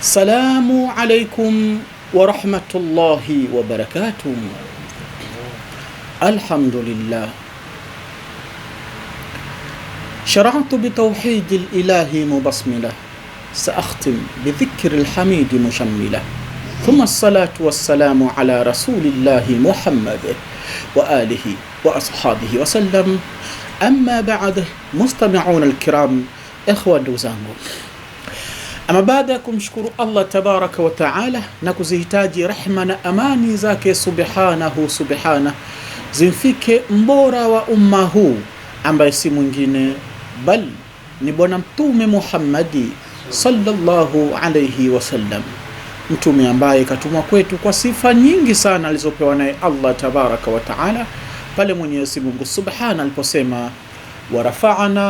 السلام عليكم ورحمة الله وبركاته الحمد لله شرعت بتوحيد الإله مبصملة سأختم بذكر الحميد مشملة ثم الصلاة والسلام على رسول الله محمد وآله وأصحابه وسلم أما بعد مستمعون الكرام إخوة دوزانغو Ama baada ya kumshukuru Allah tabaraka wa taala na kuzihitaji rehma na amani zake subhanahu subhana zimfike mbora wa umma huu ambaye si mwingine bal ni Bwana Mtume Muhammadi sallallahu alayhi wasallam, mtume ambaye katumwa kwetu kwa sifa nyingi sana alizopewa naye Allah tabaraka wa taala pale Mwenyezi Mungu subhana aliposema warafana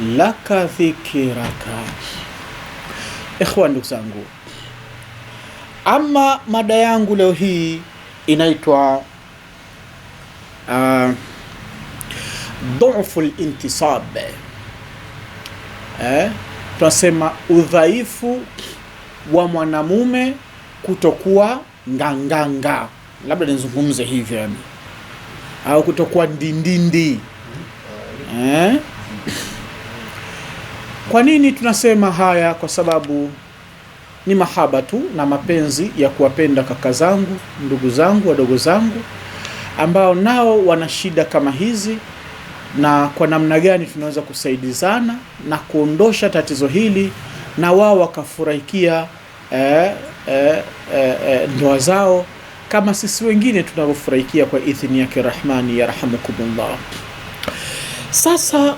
laka dhikiraka. Ikhwan, ndugu zangu, ama mada yangu leo hii inaitwa uh, dhufu lintisab eh, tunasema udhaifu wa mwanamume kutokuwa nganganga, labda nizungumze hivyo yani, au kutokuwa ndindindi eh? Kwa nini tunasema haya? Kwa sababu ni mahaba tu na mapenzi ya kuwapenda kaka zangu, ndugu zangu, wadogo zangu ambao nao wana shida kama hizi, na kwa namna gani tunaweza kusaidizana na kuondosha tatizo hili na wao wakafurahikia eh, eh, eh, eh ndoa zao kama sisi wengine tunavyofurahikia kwa idhini yake Rahmani yarhamukumullah. Sasa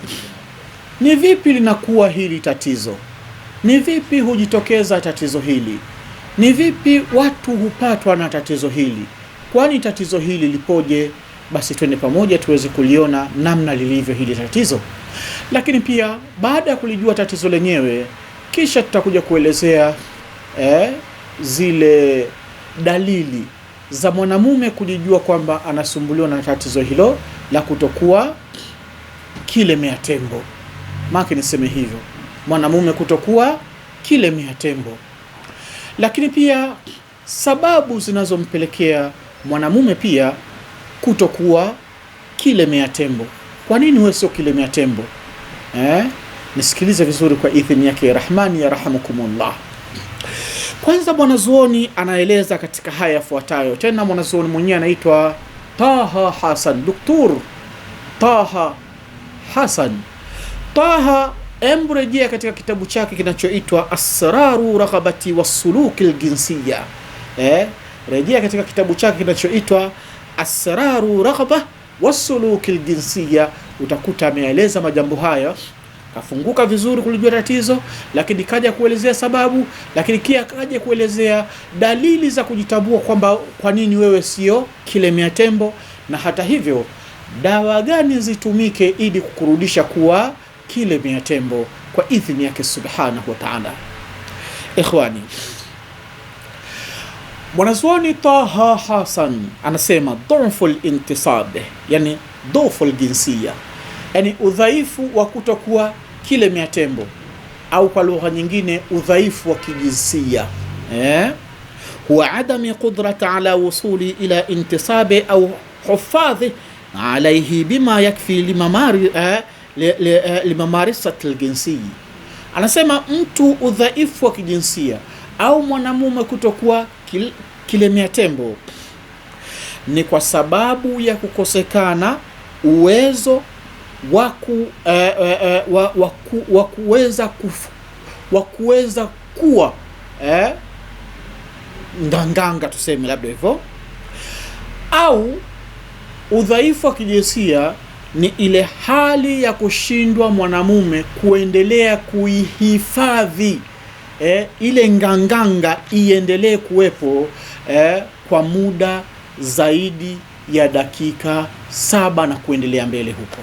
ni vipi linakuwa hili tatizo? Ni vipi hujitokeza tatizo hili? Ni vipi watu hupatwa na tatizo hili? Kwani tatizo hili lipoje? Basi twende pamoja tuweze kuliona namna lilivyo hili tatizo, lakini pia baada ya kulijua tatizo lenyewe, kisha tutakuja kuelezea eh, zile dalili za mwanamume kujijua kwamba anasumbuliwa na tatizo hilo la kutokuwa kile mea tembo make niseme hivyo, mwanamume kutokuwa kilemea tembo. Lakini pia sababu zinazompelekea mwanamume pia kutokuwa kilemea tembo. Kwa nini wewe sio kilemea tembo eh? Nisikilize vizuri kwa idhini yake Rahmani ya rahamukumullah. Kwanza mwanazuoni anaeleza katika haya yafuatayo. Tena mwanazuoni mwenyewe anaitwa Taha Hasan, Doktor Taha Hasan Taha, emrejea katika kitabu chake kinachoitwa Asraru Raghabati Wassuluki Ljinsiya. Eh, rejea katika kitabu chake kinachoitwa Asraru Raghba Wassuluki Ljinsiya, utakuta ameeleza majambo haya kafunguka vizuri kulijua tatizo, lakini kaja kuelezea sababu, lakini kia kaja kuelezea dalili za kujitambua kwamba kwa nini wewe sio kilemea tembo, na hata hivyo dawa gani zitumike ili kukurudisha kuwa kilema ya tembo kwa idhini yake subhanahu wa taala. Ikhwani, mwanazuoni Taha Hasan anasema dhufu lintisab, yani dhufu ljinsia, yani udhaifu wa kutokuwa kilema ya tembo, au kwa lugha nyingine udhaifu wa kijinsia eh? huwa adami qudrata ala wusuli ila intisabe au hufadhi alaihi bima yakfi limamari eh? Eh, limamarisati ljinsia, anasema mtu udhaifu wa kijinsia au mwanamume kutokuwa kil, kilemea tembo ni kwa sababu ya kukosekana uwezo wa eh, eh, kuweza eh, waku, kuwa eh, nganganga tuseme labda hivyo, au udhaifu wa kijinsia ni ile hali ya kushindwa mwanamume kuendelea kuihifadhi eh, ile nganganga iendelee kuwepo eh, kwa muda zaidi ya dakika saba na kuendelea mbele huko.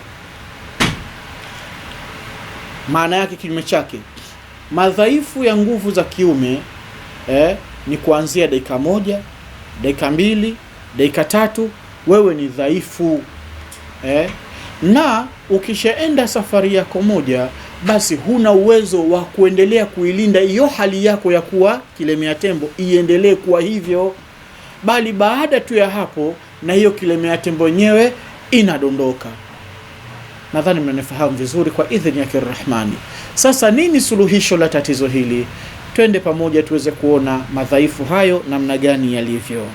Maana yake kinyume chake, madhaifu ya nguvu za kiume eh, ni kuanzia dakika moja, dakika mbili, dakika tatu, wewe ni dhaifu eh na ukishaenda safari yako moja, basi huna uwezo wa kuendelea kuilinda hiyo hali yako ya kuwa kilemea tembo iendelee kuwa hivyo, bali baada tu ya hapo na hiyo kilemea tembo yenyewe inadondoka. Nadhani mnanifahamu vizuri, kwa idhini yake Rahmani. Sasa nini suluhisho la tatizo hili? Twende pamoja tuweze kuona madhaifu hayo namna gani yalivyo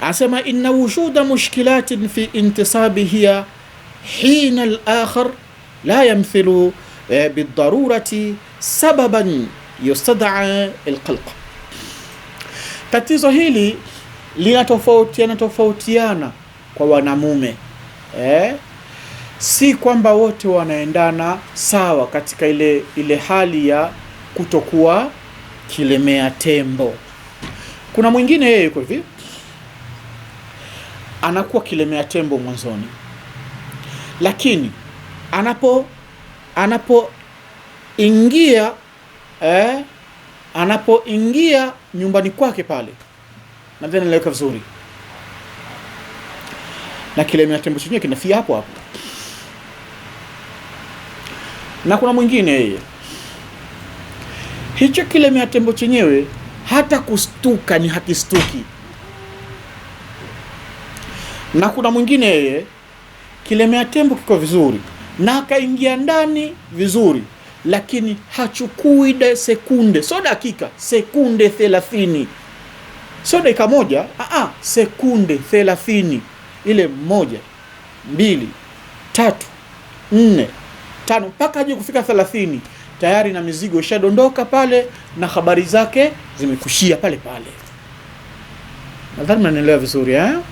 asema inna wujuda mushkilatin fi intisabihiya hina al-akhar la yamthilu eh, bidarurati sababan yustadaa alqalq. Tatizo hili linatofautiana tofautiana kwa wanamume eh? Si kwamba wote wanaendana sawa katika ile ile hali ya kutokuwa kilemea tembo. Kuna mwingine yeye yuko hivi anakuwa kilemea tembo mwanzoni, lakini anapo anapoingia eh, anapoingia nyumbani kwake pale, nadhani naliweka vizuri, na kilemea tembo chenyewe kinafia hapo hapo. Na kuna mwingine yeye, hicho kilemea tembo chenyewe hata kustuka ni hakistuki na kuna mwingine yeye kilemea tembo kiko vizuri na akaingia ndani vizuri, lakini hachukui da sekunde, sio dakika, sekunde thelathini, sio dakika moja, aa, sekunde thelathini. Ile moja, mbili, tatu, nne, tano mpaka aje kufika thelathini, tayari na mizigo ishadondoka pale na habari zake zimekushia pale pale. Nadhani mnanielewa vizuri eh? Mm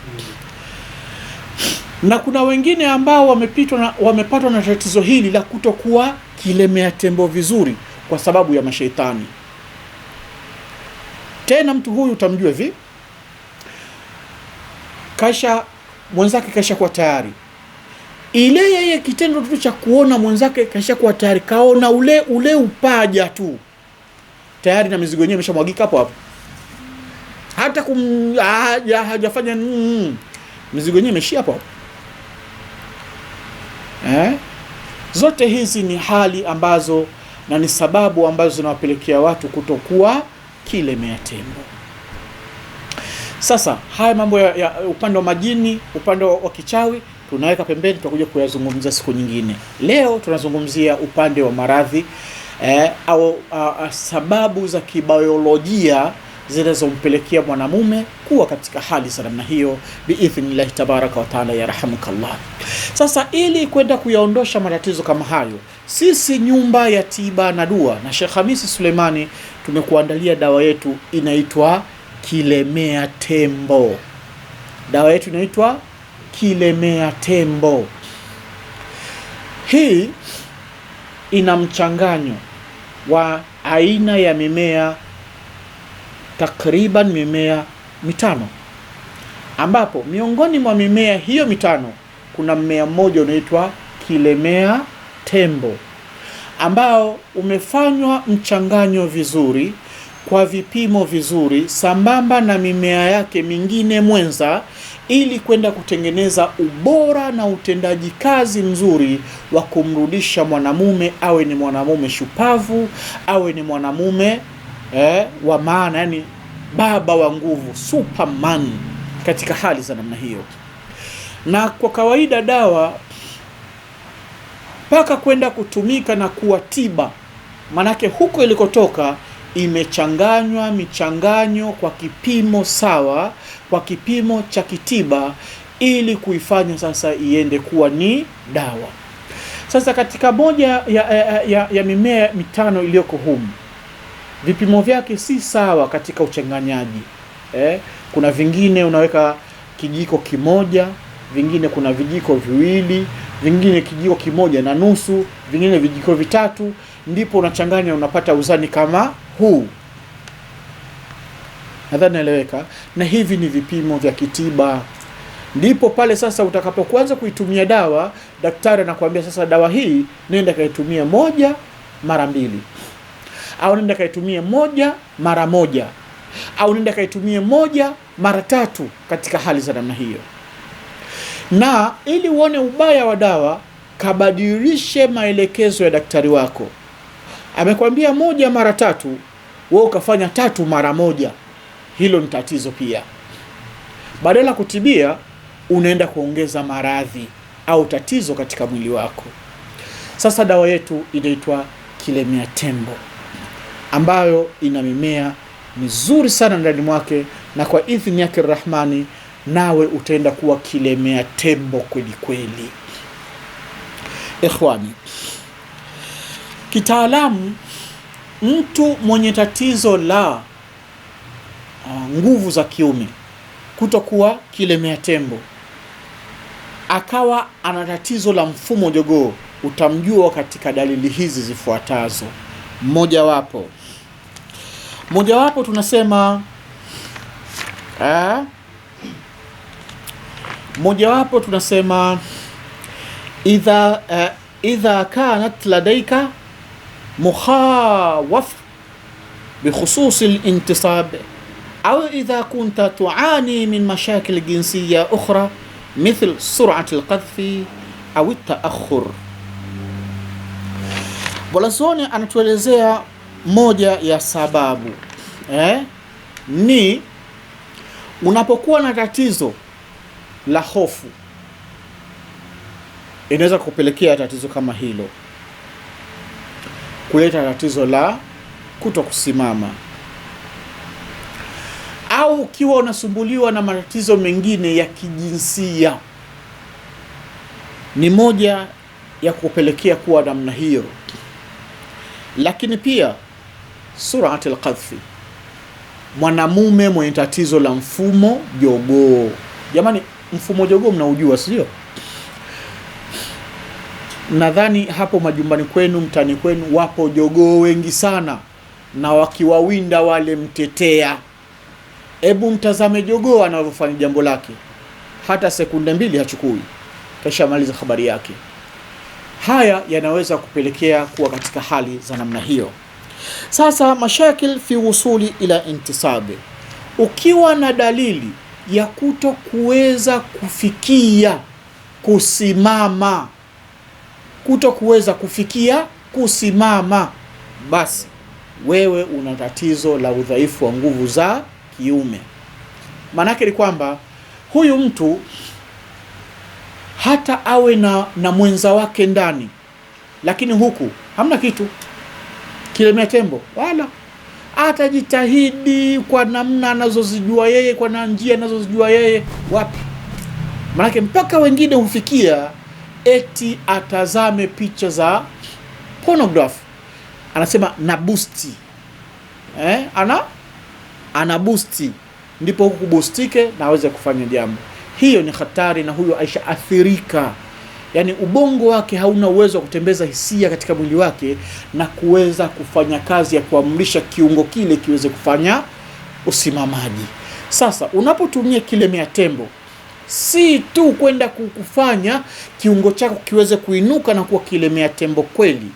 na kuna wengine ambao wamepitwa na, wamepatwa na tatizo hili la kutokuwa kilemea tembo vizuri kwa sababu ya masheitani. Tena mtu huyu utamjua hivi, kasha mwenzake kasha kuwa tayari ile yeye kitendo tu cha kuona mwenzake kasha kuwa tayari, kaona ule ule upaja tu tayari na mizigo yenyewe imeshamwagika hapo hapo, hata kum hajafanya mm, mizigo yenyewe imeshia hapo hapo eh? Zote hizi ni hali ambazo na ni sababu ambazo zinawapelekea watu kutokuwa kilemea tembo. Sasa haya mambo ya, ya upande wa majini, upande wa kichawi tunaweka pembeni, tutakuja kuyazungumza siku nyingine. Leo tunazungumzia upande wa maradhi eh, au a, sababu za kibayolojia zinazompelekea mwanamume kuwa katika hali za namna hiyo, biidhnillahi tabaraka wa taala, llah Sasa ili kwenda kuyaondosha matatizo kama hayo, sisi nyumba ya tiba na dua na Sheikh Hamisi Sulemani tumekuandalia dawa yetu inaitwa Kilemea Tembo. Dawa yetu inaitwa Kilemea Tembo. Hii ina mchanganyo wa aina ya mimea takriban mimea mitano, ambapo miongoni mwa mimea hiyo mitano kuna mmea mmoja unaitwa kilemea tembo ambao umefanywa mchanganyo vizuri kwa vipimo vizuri sambamba na mimea yake mingine mwenza ili kwenda kutengeneza ubora na utendaji kazi mzuri wa kumrudisha mwanamume awe ni mwanamume shupavu, awe ni mwanamume eh, wa maana, yani baba wa nguvu, superman katika hali za namna hiyo. Na kwa kawaida dawa mpaka kwenda kutumika na kuwa tiba, manake huko ilikotoka imechanganywa michanganyo kwa kipimo sawa, kwa kipimo cha kitiba, ili kuifanya sasa iende kuwa ni dawa. Sasa katika moja ya, ya, ya, ya mimea mitano iliyoko humu vipimo vyake si sawa katika uchanganyaji eh. Kuna vingine unaweka kijiko kimoja, vingine kuna vijiko viwili, vingine kijiko kimoja na nusu, vingine vijiko vitatu, ndipo unachanganya unapata uzani kama huu. Nadhani naeleweka. Na hivi ni vipimo vya kitiba. Ndipo pale sasa utakapokuanza kuitumia dawa, daktari anakuambia sasa, dawa hii nenda kaitumia moja mara mbili au nenda kaitumie moja mara moja au nenda kaitumie moja mara tatu katika hali za namna hiyo. Na ili uone ubaya wa dawa, kabadilishe maelekezo ya daktari wako. Amekwambia moja mara tatu, wewe ukafanya tatu mara moja, hilo ni tatizo pia. Badala ya kutibia, unaenda kuongeza maradhi au tatizo katika mwili wako. Sasa dawa yetu inaitwa Kilemia Tembo ambayo ina mimea mizuri sana ndani mwake, na kwa idhini yake Rahmani nawe utaenda kuwa kilemea tembo kweli kweli. Ikhwani, kitaalamu, mtu mwenye tatizo la ah, nguvu za kiume kutokuwa kilemea tembo akawa ana tatizo la mfumo jogoo, utamjua katika dalili hizi zifuatazo. Mmojawapo mojawapo tunasema eh, mojawapo tunasema idha eh, idha kanat ladaika mukhawaf بخصوص الانتصاب أو إذا كنت تعاني من مشاكل جنسية أخرى مثل سرعة القذف أو التأخر بلزوني أنا تولزيها moja ya sababu eh, ni unapokuwa na tatizo la hofu inaweza kupelekea tatizo kama hilo, kuleta tatizo la kuto kusimama. Au ukiwa unasumbuliwa na matatizo mengine ya kijinsia, ni moja ya kupelekea kuwa namna hiyo, lakini pia surat alqadhfi, mwanamume mwenye tatizo la mfumo jogoo. Jamani, mfumo jogoo mnaujua, sio? Nadhani hapo majumbani kwenu, mtani kwenu, wapo jogoo wengi sana, na wakiwawinda wale mtetea. Hebu mtazame jogoo anavyofanya jambo lake, hata sekunde mbili hachukui, kashamaliza habari yake. Haya yanaweza kupelekea kuwa katika hali za namna hiyo. Sasa mashakil fi wusuli ila intisabi, ukiwa na dalili ya kuto kuweza kufikia kusimama, kuto kuweza kufikia kusimama, basi wewe una tatizo la udhaifu wa nguvu za kiume. Maanake ni kwamba huyu mtu hata awe na, na mwenza wake ndani, lakini huku hamna kitu. Kilema Tembo wala atajitahidi kwa namna anazozijua yeye, kwa na njia anazozijua yeye. Wapi? Maanake mpaka wengine hufikia eti atazame picha za pornography, anasema na busti eh, ana ana busti ndipo huku kubustike na aweze kufanya jambo. Hiyo ni hatari, na huyo aisha athirika yani ubongo wake hauna uwezo wa kutembeza hisia katika mwili wake na kuweza kufanya kazi ya kuamrisha kiungo kile kiweze kufanya usimamaji. Sasa unapotumia kilemea tembo, si tu kwenda kukufanya kiungo chako kiweze kuinuka na kuwa kilemea tembo kweli,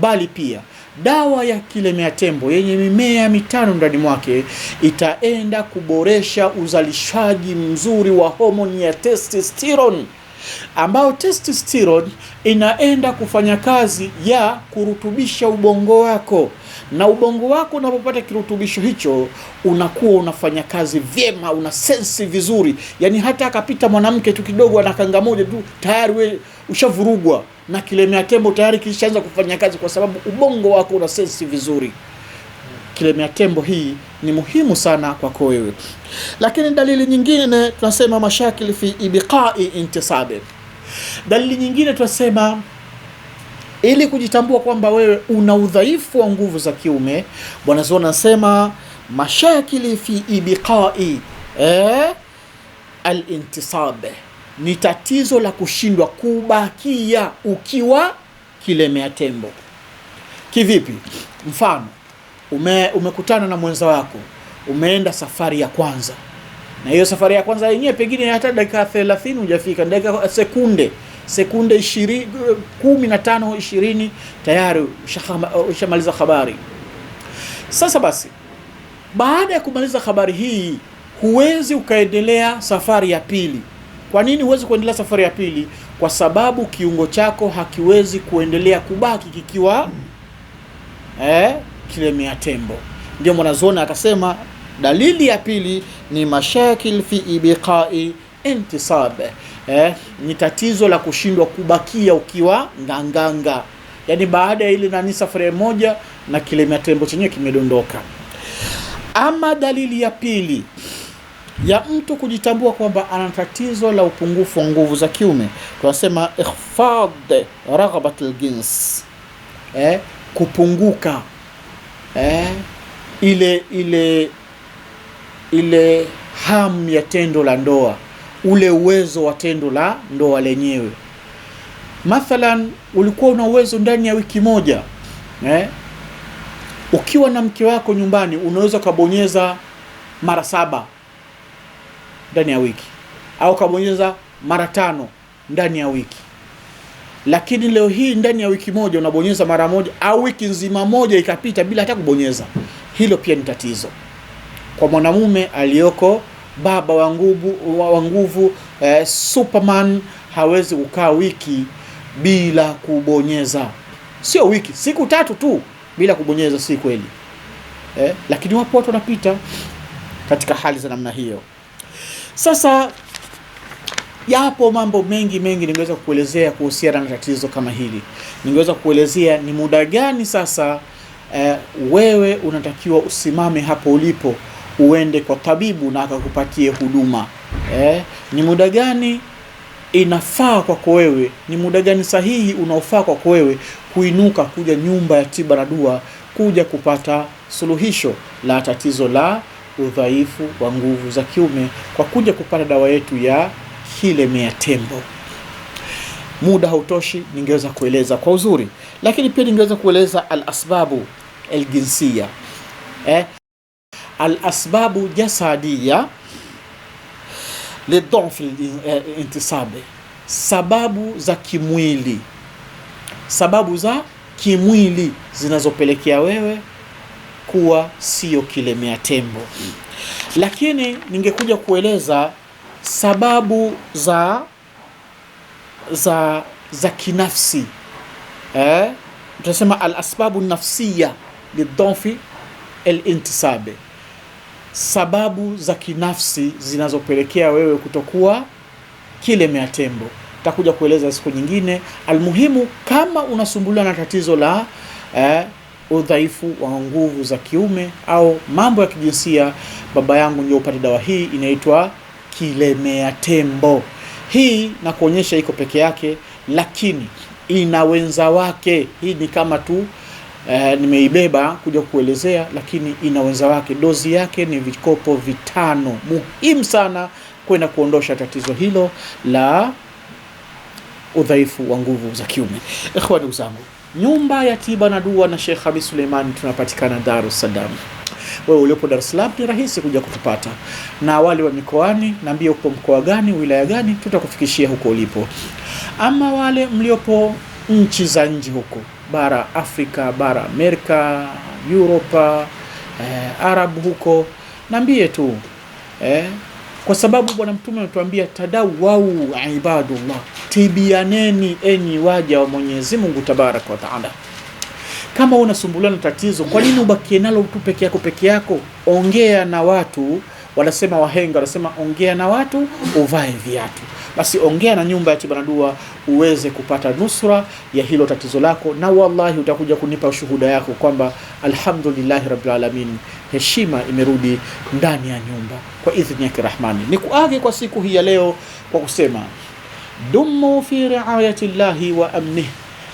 bali pia dawa ya kilemea tembo yenye mimea mitano ndani mwake itaenda kuboresha uzalishaji mzuri wa homoni ya testosterone ambao testosterone inaenda kufanya kazi ya kurutubisha ubongo wako, na ubongo wako unapopata kirutubisho hicho unakuwa unafanya kazi vyema, una sensi vizuri. Yani hata akapita mwanamke tu kidogo ana kanga moja tu tayari we ushavurugwa na kilemea tembo tayari kishaanza kufanya kazi, kwa sababu ubongo wako una sensi vizuri kilemea tembo hii ni muhimu sana kwako wewe. Lakini dalili nyingine tunasema mashakili fi ibiqai intisabe. Dalili nyingine tunasema ili kujitambua kwamba wewe una udhaifu wa nguvu za kiume, Bwana anasema mashakili fi ibiqai eh, alintisabe ni tatizo la kushindwa kubakia ukiwa kilemea tembo. Kivipi? Mfano, ume, umekutana na mwenza wako, umeenda safari ya kwanza, na hiyo safari ya kwanza yenyewe pengine hata dakika 30 hujafika, dakika sekunde sekunde na 15 20 tayari ushamaliza habari. Sasa basi, baada ya kumaliza habari hii, huwezi ukaendelea safari ya pili. Kwa nini huwezi kuendelea safari ya pili? Kwa sababu kiungo chako hakiwezi kuendelea kubaki kikiwa eh, kilemea tembo. Ndio mwanazuoni akasema dalili ya pili ni mashakil fi ibiqai intisab, eh, ni tatizo la kushindwa kubakia ukiwa nganganga, yaani baada ya ile nani safari moja na kilemea tembo chenyewe kimedondoka. Ama dalili ya pili ya mtu kujitambua kwamba ana tatizo la upungufu wa nguvu za kiume, tunasema ikhfad raghabat aljins, eh, kupunguka eh, ile ile ile hamu ya tendo la ndoa, ule uwezo wa tendo la ndoa lenyewe. Mathalan, ulikuwa una uwezo ndani ya wiki moja eh, ukiwa na mke wako nyumbani unaweza ukabonyeza mara saba ndani ya wiki au ukabonyeza mara tano ndani ya wiki lakini leo hii ndani ya wiki moja unabonyeza mara moja au wiki nzima moja ikapita bila hata kubonyeza. Hilo pia ni tatizo kwa mwanamume aliyoko baba wa nguvu wa nguvu eh, Superman hawezi kukaa wiki bila kubonyeza, sio wiki, siku tatu tu bila kubonyeza, si kweli eh? Lakini wapo watu wanapita katika hali za namna hiyo. Sasa Yapo mambo mengi mengi ningeweza kukuelezea kuhusiana na tatizo kama hili. Ningeweza kukuelezea ni muda gani sasa eh, wewe unatakiwa usimame hapo ulipo uende kwa tabibu na akakupatie huduma eh, ni muda gani inafaa kwako wewe, ni muda gani sahihi unaofaa kwako wewe kuinuka kuja nyumba ya tiba na dua, kuja kupata suluhisho la tatizo la udhaifu wa nguvu za kiume kwa kuja kupata dawa yetu ya Hilemi ya tembo. Muda hautoshi, ningeweza kueleza kwa uzuri, lakini pia ningeweza kueleza alasbabu aljinsia eh? alasbabu jasadia lidhonfi intisabe, sababu za kimwili, sababu za kimwili zinazopelekea wewe kuwa sio kilemea tembo. Lakini ningekuja kueleza sababu za za za kinafsi eh? Tunasema alasbabu nafsiya lidhonfi elintisabe, sababu za kinafsi zinazopelekea wewe kutokuwa kile meatembo Takuja kueleza siku nyingine. Almuhimu, kama unasumbuliwa na tatizo la eh, udhaifu wa nguvu za kiume au mambo ya kijinsia, baba yangu, ndio upate dawa hii inaitwa kilemea tembo. Hii na kuonyesha iko peke yake, lakini ina wenza wake. Hii ni kama tu eh, nimeibeba kuja kuelezea, lakini ina wenza wake. Dozi yake ni vikopo vitano, muhimu sana kwenda kuondosha tatizo hilo la udhaifu wa nguvu za kiume. Ikhwani zangu, nyumba ya tiba na dua na Sheikh Khamis Suleiman tunapatikana Dar es Salaam. Wewe uliopo Dar es Salaam ni rahisi kuja kutupata, na wale wa mikoani, naambie upo mkoa gani, wilaya gani, tutakufikishia huko ulipo. Ama wale mliopo nchi za nje huko, bara Afrika, bara Amerika, Europa, eh, Arabu huko, naambie tu eh, kwa sababu Bwana Mtume ametuambia tadawau ibadullah, tibianeni enyi waja wa Mwenyezi Mungu tabaraka wa taala. Kama unasumbuliwa na tatizo, kwa nini ubakie nalo tu peke yako peke yako? Ongea na watu. Wanasema wahenga wanasema ongea na watu uvae viatu. Basi ongea na nyumba ya Tiba uweze kupata nusra ya hilo tatizo lako, na wallahi utakuja kunipa shuhuda yako kwamba alhamdulillahi rabbil alamin, heshima imerudi ndani ya nyumba kwa idhini yake Rahmani. kuage kwa siku hii ya leo kwa kusema dumu fi riayati llahi wa amnihi